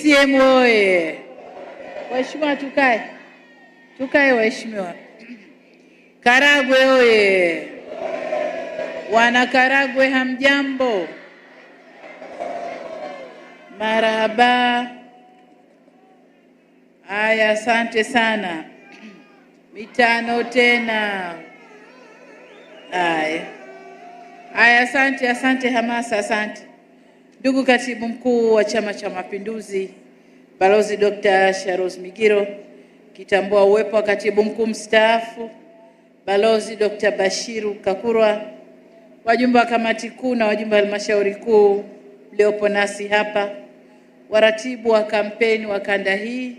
CCM oye! Waheshimiwa, tukae tukae. Waheshimiwa, Karagwe oye! Wana Karagwe hamjambo? Marahaba. aya asante sana. Mitano tena. Haya aya asante asante Hamasa, asante. Ndugu katibu mkuu wa Chama cha Mapinduzi Balozi Dr. Sharos Migiro, kitambua uwepo wa katibu mkuu mstaafu Balozi Dr. Bashiru Kakurwa, wajumbe wa kamati kuu na wajumbe wa halmashauri kuu mliopo nasi hapa, waratibu wa kampeni wa kanda hii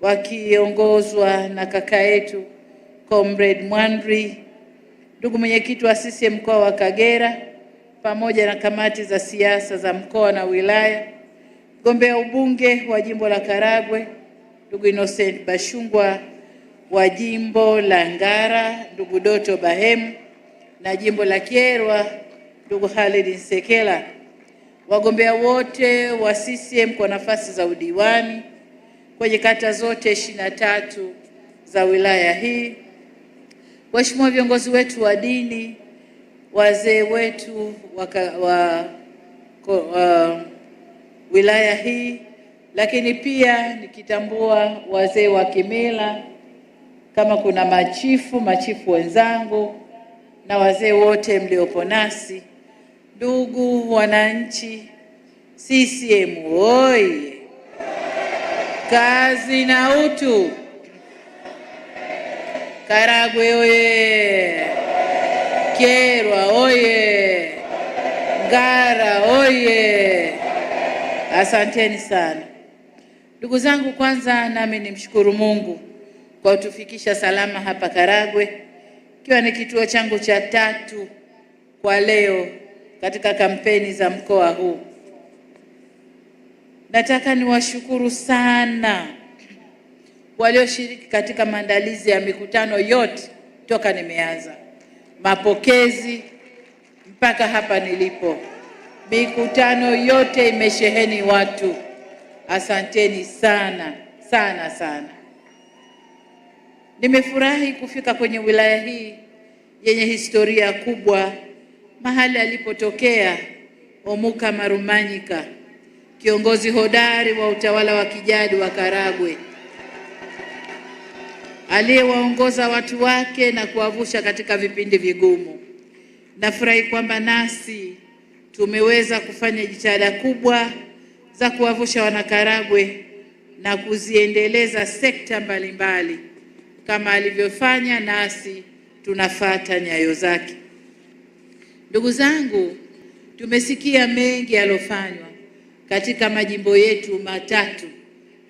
wakiongozwa na kaka yetu Comrade Mwandri, ndugu mwenyekiti wa CCM mkoa wa Kagera pamoja na kamati za siasa za mkoa na wilaya, mgombea ubunge wa jimbo la Karagwe ndugu Innocent Bashungwa wa jimbo la Ngara, ndugu Doto Bahemu na jimbo la Kyerwa, ndugu Khalid Nsekela, wagombea wote wa CCM kwa nafasi za udiwani kwenye kata zote ishirini na tatu za wilaya hii, waheshimiwa viongozi wetu wa dini wazee wetu waka, wa uh, wilaya hii, lakini pia nikitambua wazee wa kimila kama kuna machifu, machifu wenzangu na wazee wote mliopo nasi. Ndugu wananchi, CCM oye! Kazi na utu! Karagwe oye! Kyerwa oye! Ngara oye! Asanteni sana ndugu zangu. Kwanza nami nimshukuru Mungu kwa kutufikisha salama hapa Karagwe, ikiwa ni kituo changu cha tatu kwa leo katika kampeni za mkoa huu. Nataka niwashukuru sana walioshiriki katika maandalizi ya mikutano yote toka nimeanza mapokezi mpaka hapa nilipo. Mikutano yote imesheheni watu. Asanteni sana sana sana. Nimefurahi kufika kwenye wilaya hii yenye historia kubwa, mahali alipotokea Omuka Marumanyika, kiongozi hodari wa utawala wa kijadi wa Karagwe aliyewaongoza watu wake na kuwavusha katika vipindi vigumu. Nafurahi kwamba nasi tumeweza kufanya jitihada kubwa za kuwavusha Wanakaragwe na kuziendeleza sekta mbalimbali mbali. Kama alivyofanya nasi tunafata nyayo zake. Ndugu zangu, tumesikia mengi yaliyofanywa katika majimbo yetu matatu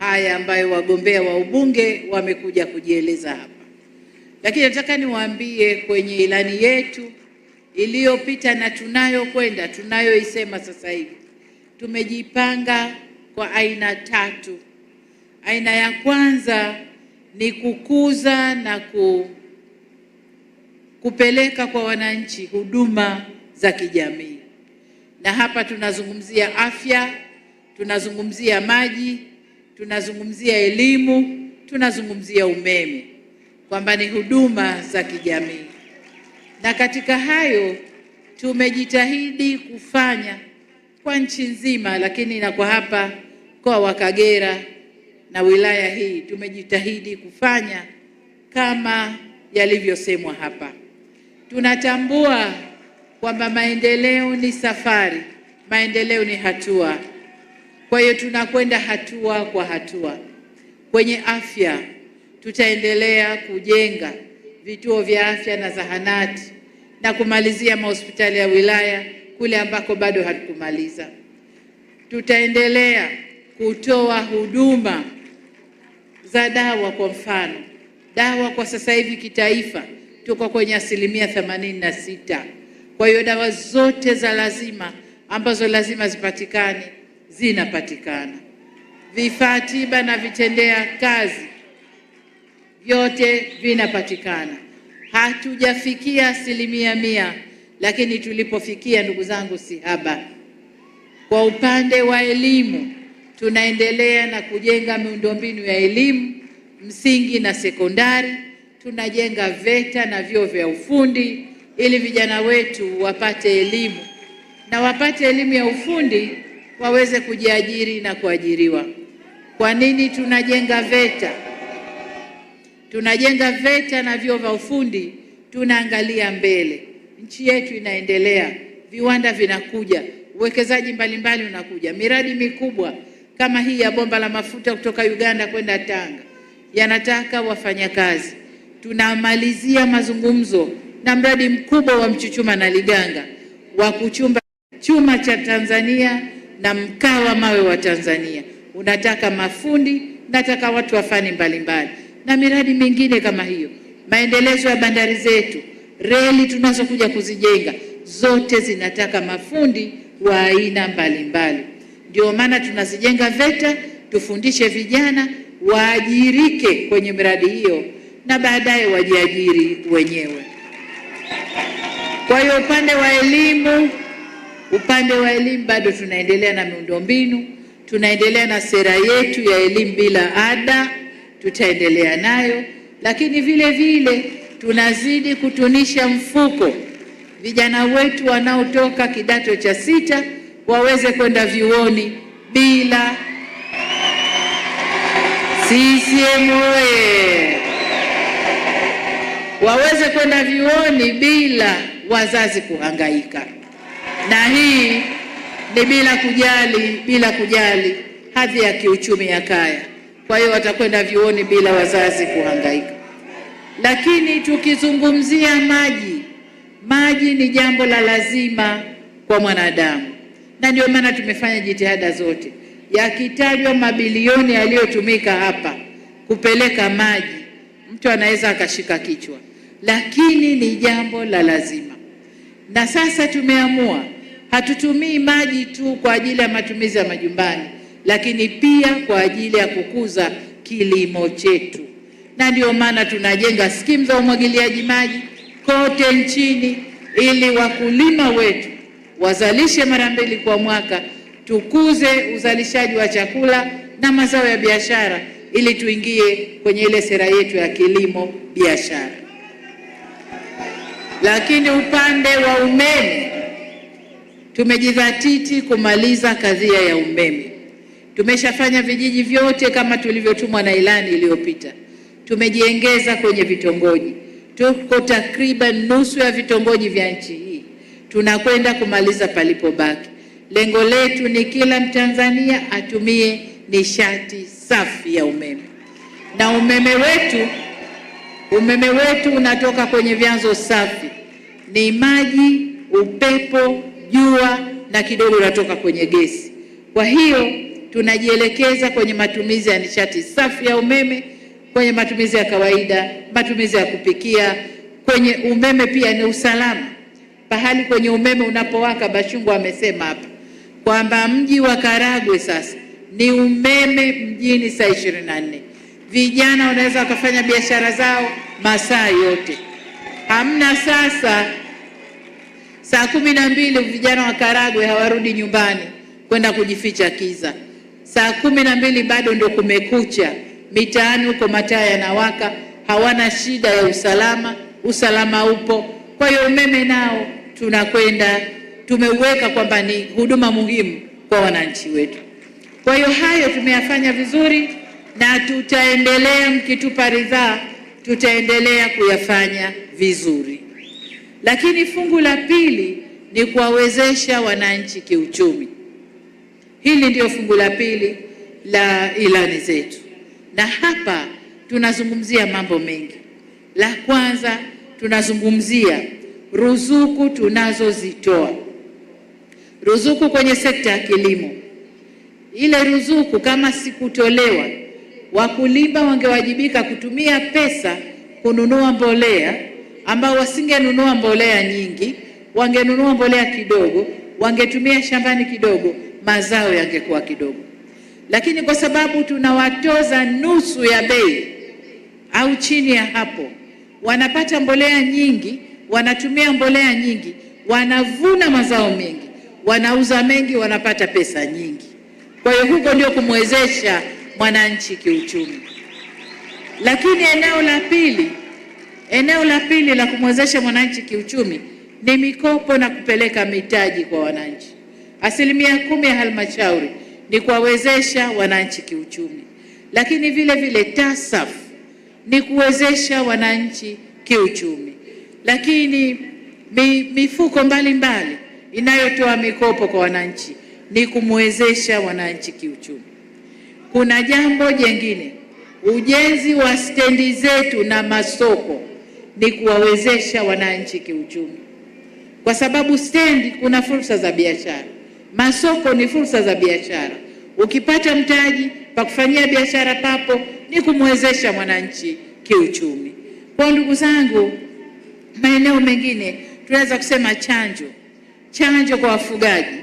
haya ambayo wagombea wa ubunge wamekuja kujieleza hapa, lakini nataka niwaambie kwenye ilani yetu iliyopita na tunayokwenda tunayoisema sasa hivi tumejipanga kwa aina tatu. Aina ya kwanza ni kukuza na ku, kupeleka kwa wananchi huduma za kijamii, na hapa tunazungumzia afya, tunazungumzia maji tunazungumzia elimu, tunazungumzia umeme, kwamba ni huduma za kijamii. Na katika hayo tumejitahidi kufanya kwa nchi nzima, lakini na kwa hapa mkoa wa Kagera na wilaya hii tumejitahidi kufanya kama yalivyosemwa hapa. Tunatambua kwamba maendeleo ni safari, maendeleo ni hatua. Kwa hiyo tunakwenda hatua kwa hatua. Kwenye afya, tutaendelea kujenga vituo vya afya na zahanati na kumalizia mahospitali ya wilaya kule ambako bado hatukumaliza. Tutaendelea kutoa huduma za dawa. Kwa mfano, dawa kwa sasa hivi kitaifa tuko kwenye asilimia themanini na sita. Kwa hiyo dawa zote za lazima ambazo lazima zipatikane zinapatikana. Vifaa tiba na vitendea kazi vyote vinapatikana. Hatujafikia asilimia mia, lakini tulipofikia, ndugu zangu, si haba. Kwa upande wa elimu, tunaendelea na kujenga miundombinu ya elimu msingi na sekondari. Tunajenga VETA na vyuo vya ufundi ili vijana wetu wapate elimu na wapate elimu ya ufundi waweze kujiajiri na kuajiriwa. Kwa nini tunajenga VETA? Tunajenga VETA na vyuo vya ufundi, tunaangalia mbele. Nchi yetu inaendelea, viwanda vinakuja, uwekezaji mbalimbali unakuja, miradi mikubwa kama hii ya bomba la mafuta kutoka Uganda kwenda Tanga yanataka wafanyakazi. Tunamalizia mazungumzo na mradi mkubwa wa Mchuchuma na Liganga wa kuchumba chuma cha Tanzania na wa mawe wa Tanzania. Unataka mafundi, nataka watu wa fani mbalimbali na miradi mingine kama hiyo, maendelezo ya bandari zetu, reli tunazokuja kuzijenga zote zinataka mafundi wa aina mbalimbali. Ndio maana tunazijenga VETA, tufundishe vijana waajirike kwenye miradi hiyo na baadaye wajiajiri wenyewe. Kwa hiyo upande wa elimu Upande wa elimu bado tunaendelea na miundombinu, tunaendelea na sera yetu ya elimu bila ada, tutaendelea nayo, lakini vile vile tunazidi kutunisha mfuko vijana wetu wanaotoka kidato cha sita waweze kwenda vyuoni bila CCM oye, waweze kwenda vyuoni bila wazazi kuhangaika na hii ni bila kujali, bila kujali hadhi ya kiuchumi ya kaya. Kwa hiyo watakwenda vyuoni bila wazazi kuhangaika. Lakini tukizungumzia maji, maji ni jambo la lazima kwa mwanadamu, na ndio maana tumefanya jitihada zote, yakitajwa mabilioni yaliyotumika hapa kupeleka maji, mtu anaweza akashika kichwa, lakini ni jambo la lazima na sasa tumeamua hatutumii maji tu kwa ajili ya matumizi ya majumbani, lakini pia kwa ajili ya kukuza kilimo chetu, na ndio maana tunajenga skimu za umwagiliaji maji kote nchini ili wakulima wetu wazalishe mara mbili kwa mwaka, tukuze uzalishaji wa chakula na mazao ya biashara ili tuingie kwenye ile sera yetu ya kilimo biashara. Lakini upande wa umeme tumejidhatiti kumaliza kadhia ya umeme. Tumeshafanya vijiji vyote kama tulivyotumwa na ilani iliyopita. Tumejiengeza kwenye vitongoji, tuko takriban nusu ya vitongoji vya nchi hii, tunakwenda kumaliza palipobaki. Lengo letu ni kila Mtanzania atumie nishati safi ya umeme na umeme wetu Umeme wetu unatoka kwenye vyanzo safi, ni maji, upepo, jua na kidogo unatoka kwenye gesi. Kwa hiyo tunajielekeza kwenye matumizi ya nishati safi ya umeme, kwenye matumizi ya kawaida, matumizi ya kupikia. Kwenye umeme pia ni usalama pahali kwenye umeme unapowaka. Bashungwa amesema hapa kwamba mji wa Karagwe sasa ni umeme mjini saa ishirini na nne. Vijana wanaweza wakafanya biashara zao masaa yote, hamna sasa saa kumi na mbili vijana wa Karagwe hawarudi nyumbani kwenda kujificha kiza. Saa kumi na mbili bado ndio kumekucha, mitaani huko mataa yanawaka, hawana shida ya usalama, usalama upo. Kwa hiyo umeme nao tunakwenda tumeuweka kwamba ni huduma muhimu kwa wananchi wetu. Kwa hiyo hayo tumeyafanya vizuri na tutaendelea, mkitupa ridhaa, tutaendelea kuyafanya vizuri. Lakini fungu la pili ni kuwawezesha wananchi kiuchumi. Hili ndio fungu la pili la ilani zetu, na hapa tunazungumzia mambo mengi. La kwanza tunazungumzia ruzuku tunazozitoa, ruzuku kwenye sekta ya kilimo. Ile ruzuku kama sikutolewa wakulima wangewajibika kutumia pesa kununua mbolea, ambao wasingenunua mbolea nyingi, wangenunua mbolea kidogo, wangetumia shambani kidogo, mazao yangekuwa kidogo. Lakini kwa sababu tunawatoza nusu ya bei au chini ya hapo, wanapata mbolea nyingi, wanatumia mbolea nyingi, wanavuna mazao mengi, wanauza mengi, wanapata pesa nyingi. Kwa hiyo huko ndio kumwezesha mwananchi kiuchumi. Lakini eneo la pili, eneo la pili la kumwezesha mwananchi kiuchumi ni mikopo na kupeleka mitaji kwa wananchi. Asilimia kumi ya halmashauri ni kuwawezesha wananchi kiuchumi, lakini vile vile TASAF ni kuwezesha wananchi kiuchumi, lakini mifuko mbalimbali inayotoa mikopo kwa wananchi ni kumwezesha wananchi kiuchumi. Kuna jambo jengine, ujenzi wa stendi zetu na masoko ni kuwawezesha wananchi kiuchumi, kwa sababu stendi kuna fursa za biashara, masoko ni fursa za biashara. Ukipata mtaji pa kufanyia biashara papo ni kumwezesha mwananchi kiuchumi. Kwa ndugu zangu, maeneo mengine tunaweza kusema chanjo, chanjo kwa wafugaji,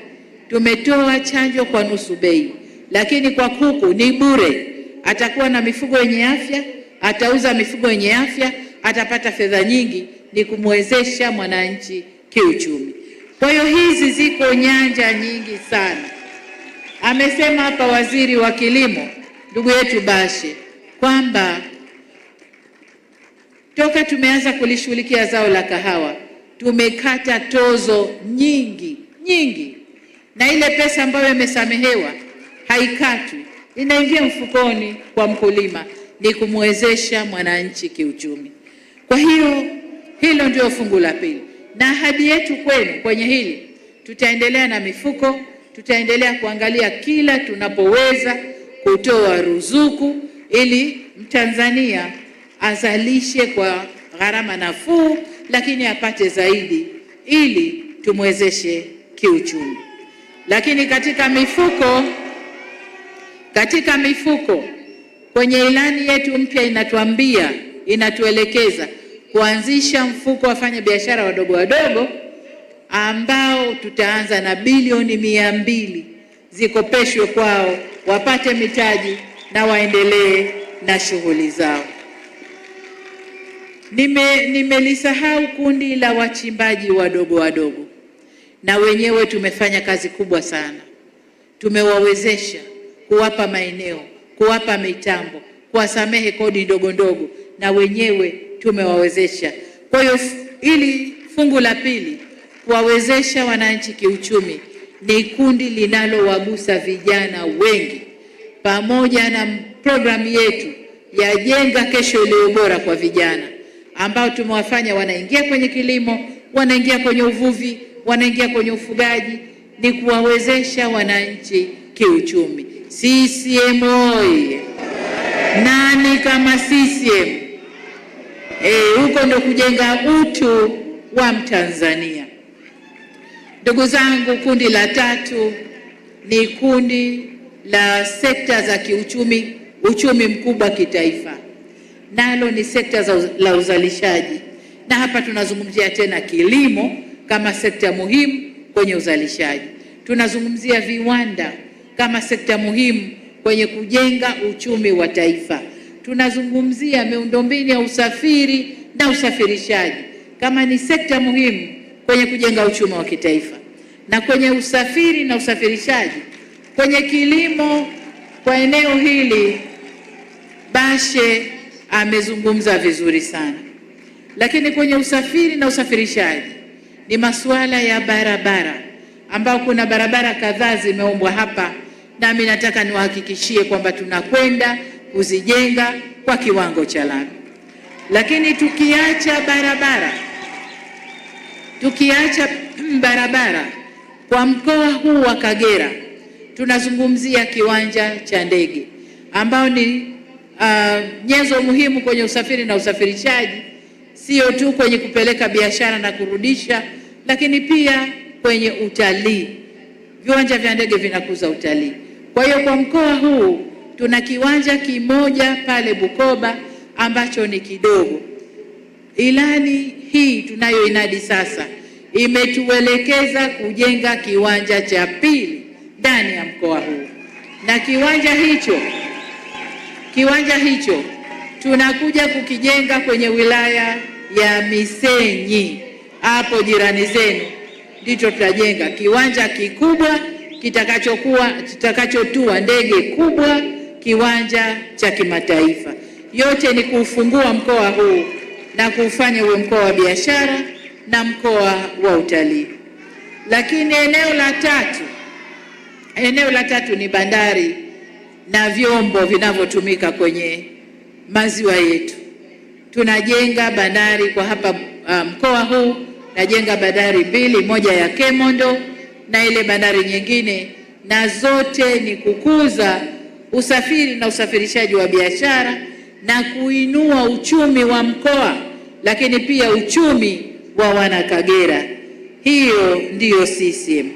tumetoa chanjo kwa nusu bei lakini kwa kuku ni bure. Atakuwa na mifugo yenye afya, atauza mifugo yenye afya, atapata fedha nyingi, ni kumwezesha mwananchi kiuchumi. Kwa hiyo hizi ziko nyanja nyingi sana. Amesema hapa waziri wa kilimo ndugu yetu Bashe kwamba toka tumeanza kulishughulikia zao la kahawa tumekata tozo nyingi nyingi, na ile pesa ambayo imesamehewa haikatwi, inaingia mfukoni kwa mkulima, ni kumwezesha mwananchi kiuchumi. Kwa hiyo hilo ndio fungu la pili, na ahadi yetu kwenu kwenye hili, tutaendelea na mifuko, tutaendelea kuangalia kila tunapoweza kutoa ruzuku ili Mtanzania azalishe kwa gharama nafuu, lakini apate zaidi ili tumwezeshe kiuchumi. Lakini katika mifuko katika mifuko kwenye ilani yetu mpya inatuambia, inatuelekeza kuanzisha mfuko wafanya biashara wadogo wadogo ambao tutaanza na bilioni mia mbili zikopeshwe kwao wapate mitaji na waendelee na shughuli zao. Nime nimelisahau kundi la wachimbaji wadogo wadogo, na wenyewe tumefanya kazi kubwa sana, tumewawezesha kuwapa maeneo, kuwapa mitambo, kuwasamehe kodi ndogo ndogo, na wenyewe tumewawezesha. Kwa hiyo ili fungu la pili, kuwawezesha wananchi kiuchumi, ni kundi linalowagusa vijana wengi, pamoja na programu yetu ya Jenga Kesho Iliyo Bora kwa vijana ambao tumewafanya wanaingia kwenye kilimo, wanaingia kwenye uvuvi, wanaingia kwenye ufugaji, ni kuwawezesha wananchi kiuchumi. CCM oye! Nani kama CCM? Eh, huko e, ndo kujenga utu wa Mtanzania. Ndugu zangu, kundi la tatu ni kundi la sekta za kiuchumi, uchumi mkubwa kitaifa, nalo ni sekta za, la uzalishaji, na hapa tunazungumzia tena kilimo kama sekta muhimu kwenye uzalishaji, tunazungumzia viwanda kama sekta muhimu kwenye kujenga uchumi wa taifa. Tunazungumzia miundombinu ya usafiri na usafirishaji kama ni sekta muhimu kwenye kujenga uchumi wa kitaifa, na kwenye usafiri na usafirishaji, kwenye kilimo, kwa eneo hili Bashe amezungumza vizuri sana. Lakini kwenye usafiri na usafirishaji ni masuala ya barabara, ambao kuna barabara kadhaa zimeombwa hapa nami nataka niwahakikishie kwamba tunakwenda kuzijenga kwa kiwango cha lami. Lakini tukiacha barabara, tukiacha barabara kwa mkoa huu wa Kagera, tunazungumzia kiwanja cha ndege ambao ni uh, nyenzo muhimu kwenye usafiri na usafirishaji, sio tu kwenye kupeleka biashara na kurudisha, lakini pia kwenye utalii. Viwanja vya ndege vinakuza utalii. Kwa hiyo kwa mkoa huu tuna kiwanja kimoja pale Bukoba ambacho ni kidogo. Ilani hii tunayoinadi sasa imetuelekeza kujenga kiwanja cha pili ndani ya mkoa huu, na kiwanja hicho kiwanja hicho tunakuja kukijenga kwenye wilaya ya Misenyi, hapo jirani zenu, ndicho tutajenga kiwanja kikubwa kitakachokuwa kitakachotua ndege kubwa kiwanja cha kimataifa. Yote ni kuufungua mkoa huu na kuufanya uwe mkoa wa biashara na mkoa wa utalii. Lakini eneo la tatu, eneo la tatu ni bandari na vyombo vinavyotumika kwenye maziwa yetu. Tunajenga bandari kwa hapa uh, mkoa um, huu, najenga bandari mbili, moja ya Kemondo na ile bandari nyingine, na zote ni kukuza usafiri na usafirishaji wa biashara na kuinua uchumi wa mkoa, lakini pia uchumi wa wana Kagera. Hiyo ndiyo CCM.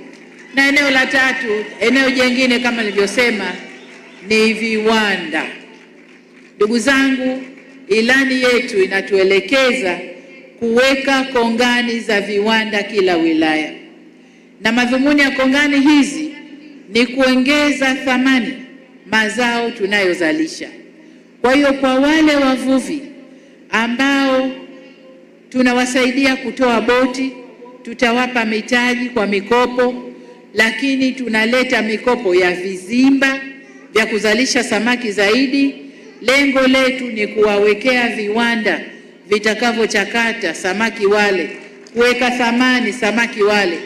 Na eneo la tatu, eneo jingine kama nilivyosema ni viwanda. Ndugu zangu, ilani yetu inatuelekeza kuweka kongani za viwanda kila wilaya na madhumuni ya kongani hizi ni kuongeza thamani mazao tunayozalisha. Kwa hiyo kwa wale wavuvi ambao tunawasaidia kutoa boti, tutawapa mitaji kwa mikopo, lakini tunaleta mikopo ya vizimba vya kuzalisha samaki zaidi. Lengo letu ni kuwawekea viwanda vitakavyochakata samaki wale, kuweka thamani samaki wale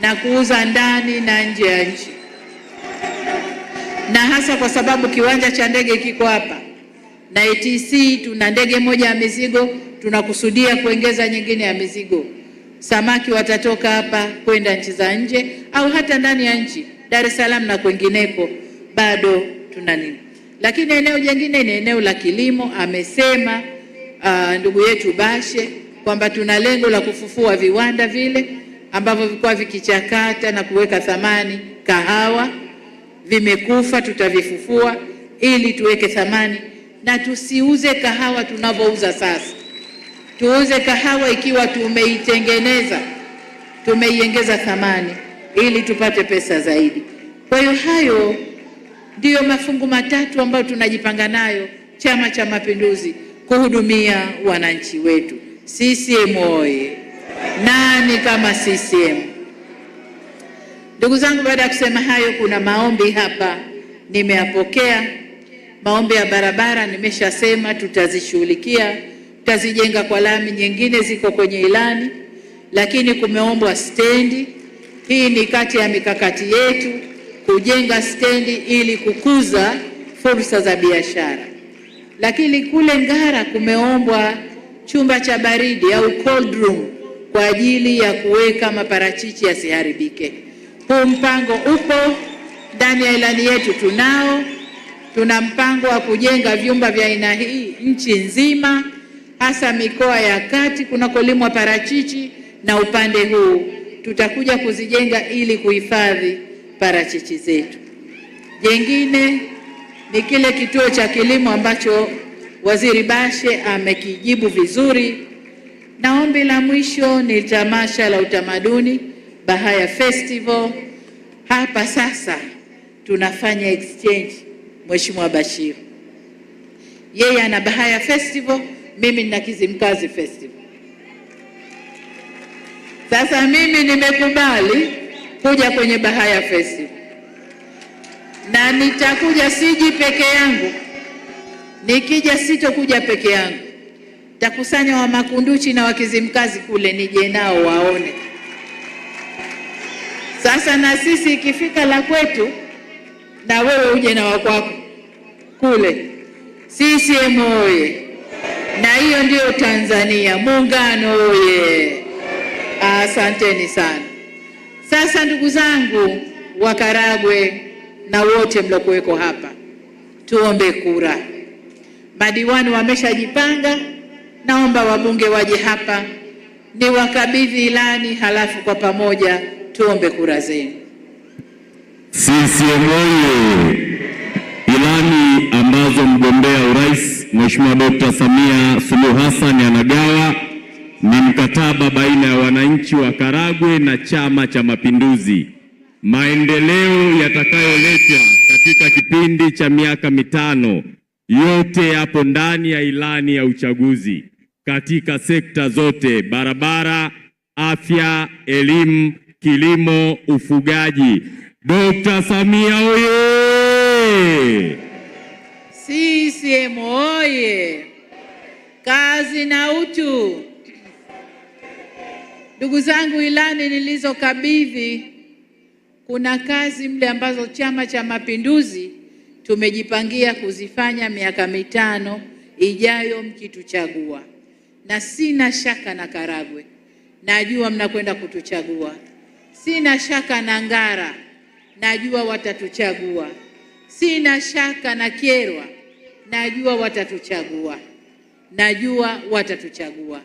na kuuza ndani na nje ya nchi, na hasa kwa sababu kiwanja cha ndege kiko hapa na ATC tuna ndege moja ya mizigo, tunakusudia kuongeza nyingine ya mizigo. Samaki watatoka hapa kwenda nchi za nje au hata ndani ya nchi, Dar es Salaam na kwingineko bado tuna nini. Lakini eneo jingine ni eneo la kilimo. Amesema uh, ndugu yetu Bashe kwamba tuna lengo la kufufua viwanda vile ambavyo vilikuwa vikichakata na kuweka thamani kahawa, vimekufa, tutavifufua ili tuweke thamani na tusiuze kahawa tunavyouza sasa. Tuuze kahawa ikiwa tumeitengeneza, tumeiongeza thamani ili tupate pesa zaidi. Kwa hiyo hayo ndiyo mafungu matatu ambayo tunajipanga nayo Chama cha Mapinduzi kuhudumia wananchi wetu. CCM oye! Nani kama CCM? Ndugu zangu, baada ya kusema hayo, kuna maombi hapa nimeyapokea. Maombi ya barabara nimeshasema tutazishughulikia, tutazijenga kwa lami, nyingine ziko kwenye ilani, lakini kumeombwa stendi. Hii ni kati ya mikakati yetu kujenga stendi ili kukuza fursa za biashara. Lakini kule Ngara kumeombwa chumba cha baridi au cold room kwa ajili ya kuweka maparachichi yasiharibike. Huu mpango upo ndani ya ilani yetu, tunao tuna mpango wa kujenga vyumba vya aina hii nchi nzima, hasa mikoa ya kati kunakolimwa parachichi na upande huu tutakuja kuzijenga ili kuhifadhi parachichi zetu. Jengine ni kile kituo cha kilimo ambacho Waziri Bashe amekijibu vizuri. Na ombi la mwisho ni tamasha la utamaduni Bahaya Festival. Hapa sasa tunafanya exchange, Mheshimiwa Bashir yeye ana Bahaya Festival, mimi nina Kizimkazi Festival. Sasa mimi nimekubali kuja kwenye Bahaya Festival na nitakuja, siji peke yangu, nikija sitokuja peke yangu takusanya wa Makunduchi na Wakizimkazi kule nije nao waone. Sasa na sisi ikifika la kwetu, na wewe uje na wakwako kule. CCM oye! Na hiyo ndiyo Tanzania muungano oye! Asanteni sana. Sasa ndugu zangu wa Karagwe na wote mlokuweko hapa, tuombe kura. Madiwani wameshajipanga naomba wabunge waje hapa ni wakabidhi ilani, halafu kwa pamoja tuombe kura zenu. CCM oyee! Ilani ambazo mgombea urais Mheshimiwa Dkt. Samia Suluhu Hassan anagawa ni mkataba baina ya wananchi wa Karagwe na Chama cha Mapinduzi. Maendeleo yatakayoletwa katika kipindi cha miaka mitano yote yapo ndani ya ilani ya uchaguzi katika sekta zote: barabara, afya, elimu, kilimo, ufugaji. Dkt. Samia oye! CCM oye! Kazi na utu. Ndugu zangu, ilani nilizokabidhi kuna kazi mle ambazo Chama cha Mapinduzi tumejipangia kuzifanya miaka mitano ijayo mkituchagua, na sina shaka na Karagwe, najua mnakwenda kutuchagua. Sina shaka na Ngara, najua watatuchagua. Sina shaka na Kyerwa, najua watatuchagua, najua watatuchagua.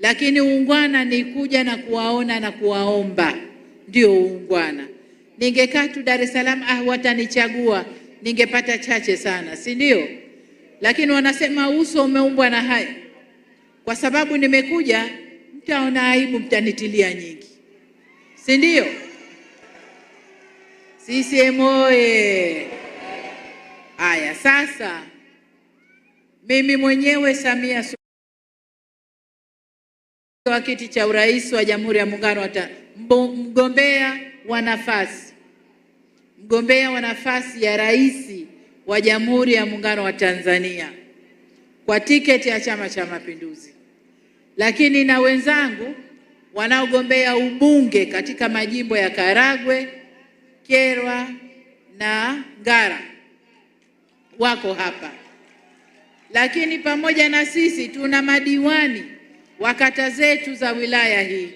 Lakini uungwana ni kuja na kuwaona na kuwaomba, ndio uungwana. Ningekaa tu Dar es Salaam, ah, watanichagua ningepata chache sana, si ndio? Lakini wanasema uso umeumbwa na haya. Kwa sababu nimekuja, mtaona aibu, mtanitilia nyingi, si ndio? CCM oye! Haya, sasa mimi mwenyewe Samia wa kiti cha urais wa Jamhuri ya Muungano wa Tanzania, mgombea wa nafasi mgombea wa nafasi ya rais wa Jamhuri ya Muungano wa Tanzania kwa tiketi ya Chama cha Mapinduzi, lakini na wenzangu wanaogombea ubunge katika majimbo ya Karagwe, Kyerwa na Ngara wako hapa. Lakini pamoja na sisi tuna madiwani wa kata zetu za wilaya hii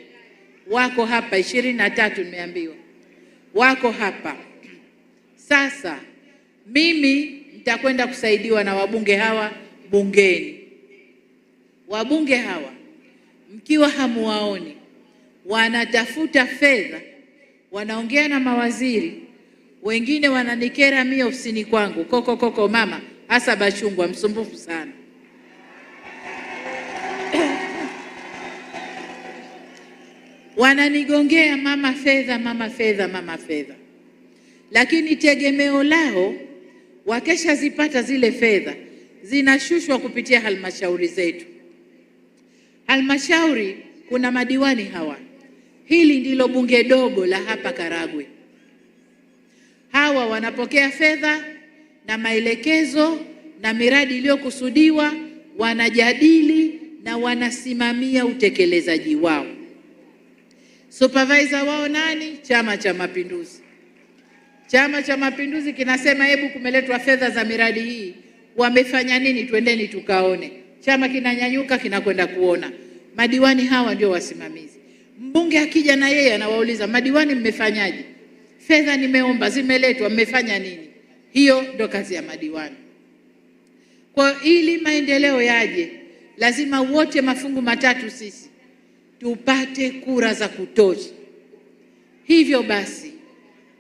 wako hapa, ishirini na tatu nimeambiwa wako hapa. Sasa mimi nitakwenda kusaidiwa na wabunge hawa bungeni. Wabunge hawa mkiwa hamuwaoni, wanatafuta fedha, wanaongea na mawaziri, wengine wananikera mie ofisini kwangu, koko koko, mama hasa Bachungwa msumbufu sana wananigongea mama fedha, mama fedha, mama fedha lakini tegemeo lao wakishazipata zile fedha zinashushwa kupitia halmashauri zetu. Halmashauri kuna madiwani hawa, hili ndilo bunge dogo la hapa Karagwe. Hawa wanapokea fedha na maelekezo na miradi iliyokusudiwa, wanajadili na wanasimamia utekelezaji wao. Supervisor wao nani? Chama cha Mapinduzi. Chama cha Mapinduzi kinasema hebu, kumeletwa fedha za miradi hii, wamefanya nini? Twendeni tukaone. Chama kinanyanyuka kinakwenda kuona. Madiwani hawa ndio wasimamizi. Mbunge akija na yeye anawauliza madiwani, mmefanyaje? Fedha nimeomba zimeletwa, mmefanya nini? Hiyo ndio kazi ya madiwani. Kwa ili maendeleo yaje, lazima wote mafungu matatu sisi tupate kura za kutosha. Hivyo basi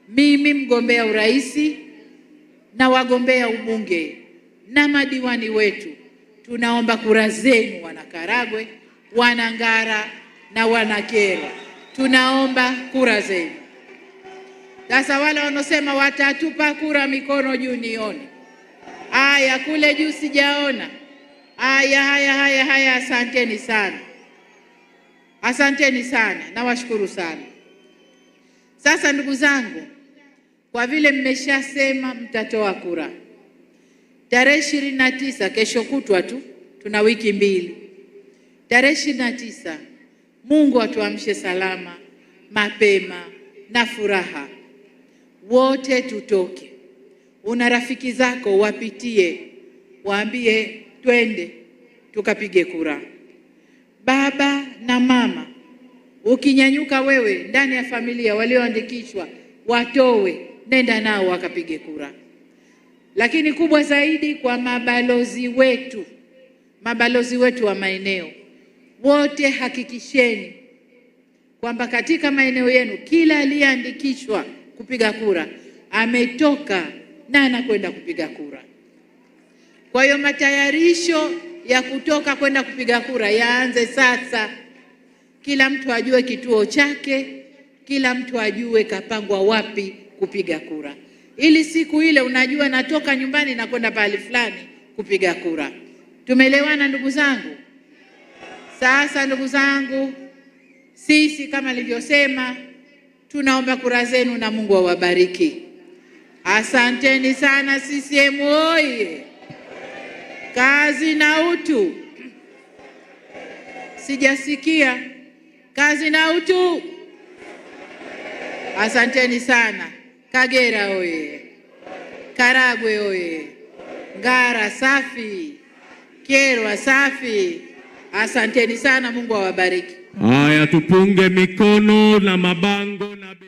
mimi mgombea urais na wagombea ubunge na madiwani wetu, tunaomba kura zenu, wana Karagwe, wana Ngara na wana Kyerwa, tunaomba kura zenu. Sasa wale wanaosema watatupa kura, mikono juu nione. Aya, kule juu sijaona. Aya, haya haya haya, asanteni sana, asanteni sana, nawashukuru sana. Sasa ndugu zangu kwa vile mmeshasema mtatoa kura tarehe ishirini na tisa, kesho kutwa tu, tuna wiki mbili. Tarehe ishirini na tisa, Mungu atuamshe salama mapema na furaha, wote tutoke. Una rafiki zako, wapitie, waambie twende tukapige kura. Baba na mama, ukinyanyuka wewe, ndani ya familia walioandikishwa watowe nenda nao wakapige kura. Lakini kubwa zaidi kwa mabalozi wetu, mabalozi wetu wa maeneo wote, hakikisheni kwamba katika maeneo yenu kila aliyeandikishwa kupiga kura ametoka na anakwenda kupiga kura. Kwa hiyo matayarisho ya kutoka kwenda kupiga kura yaanze sasa. Kila mtu ajue kituo chake, kila mtu ajue kapangwa wapi kupiga kura, ili siku ile unajua natoka nyumbani na kwenda pahali fulani kupiga kura. Tumeelewana ndugu zangu? Sasa ndugu zangu, sisi kama nilivyosema, tunaomba kura zenu na Mungu awabariki. Asanteni sana CCM oye! Kazi na utu. Sijasikia kazi na utu. Asanteni sana. Kagera oye! Karagwe oye! Ngara safi! Kyerwa safi! Asanteni sana, Mungu awabariki. Haya, tupunge mikono na mabango na